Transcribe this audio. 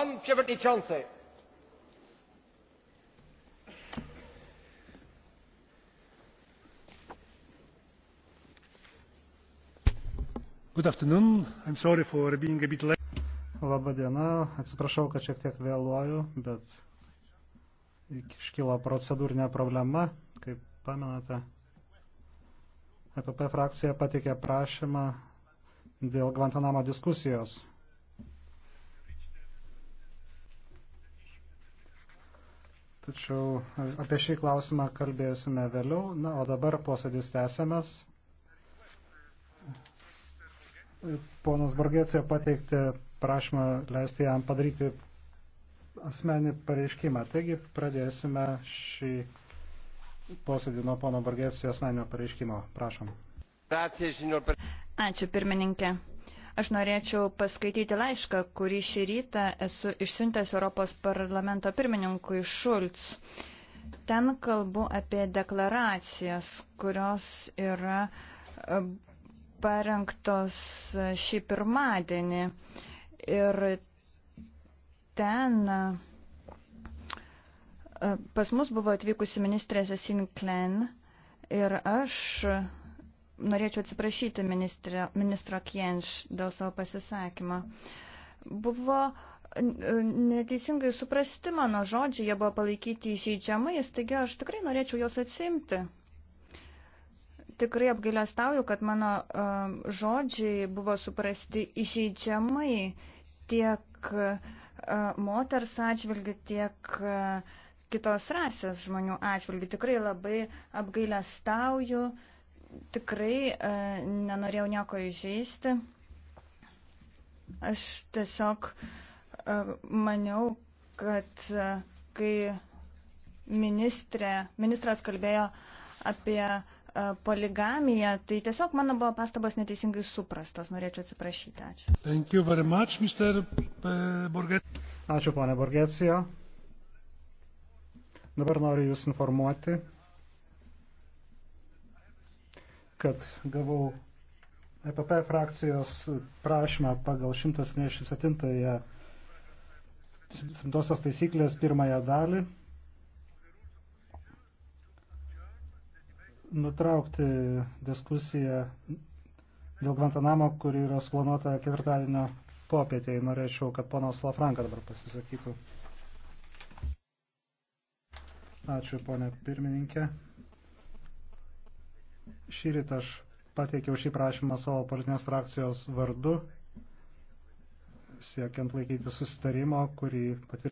Pan Przewodniczący! Good afternoon. I'm sorry for being a bit late. Labą dieną. Atsiprašau, kad šiek tiek vėluoju, bet iškilo procedūrinė problema. Kaip pamenate, EPP frakcija patikė prašymą dėl Guantanamo diskusijos. tačiau e, apie šį klausimą kalbėsime vėliau. Na, o dabar posėdis tęsiamas. Ponas Borgėcijo pateikti prašymą leisti jam padaryti asmenį pareiškimą. Taigi pradėsime šį posėdį nuo pono Borgėcijo asmenio pareiškimo. Prašom. Ačiū, pirmininkė. Aš norėčiau paskaityti laišką, kurį šį rytą esu išsiuntęs Europos parlamento pirmininkui Šulc. Ten kalbu apie deklaracijas, kurios yra e, parengtos šį pirmadienį. Ir ten e, pas mus buvo atvykusi ministrė Sesin Klen ir aš norėčiau atsiprašyti ministrė, ministro Kienš dėl savo pasisakymo. Buvo neteisingai suprasti mano žodžiai, jie buvo palaikyti išeidžiamais, taigi aš tikrai norėčiau juos atsimti. Tikrai apgailestauju, kad mano uh, žodžiai buvo suprasti išeidžiamai tiek uh, moters atžvilgių, tiek uh, kitos rasės žmonių atžvilgių. Tikrai labai apgailestauju. Uh, tikrai e, nenorėjau nieko įžeisti. Aš tiesiog e, maniau, kad e, kai ministrė, ministras kalbėjo apie poligamiją, tai tiesiog mano buvo pastabos neteisingai suprastos. Norėčiau atsiprašyti. Ačiū. Thank you very much, Mr. Borget. Ačiū, ponė Borgecijo. Dabar noriu Jūs informuoti, kad gavau EPP frakcijos prašymą pagal 177 taisyklės pirmąją dalį nutraukti diskusiją dėl Guantanamo, kuri yra suplanuota ketvirtadienio popietėje. Norėčiau, kad ponas Lafranka dabar pasisakytų. Ačiū, ponė pirmininkė. Šį rytą aš pateikiau šį prašymą savo politinės frakcijos vardu, siekiant laikyti susitarimo, kurį patvirtino.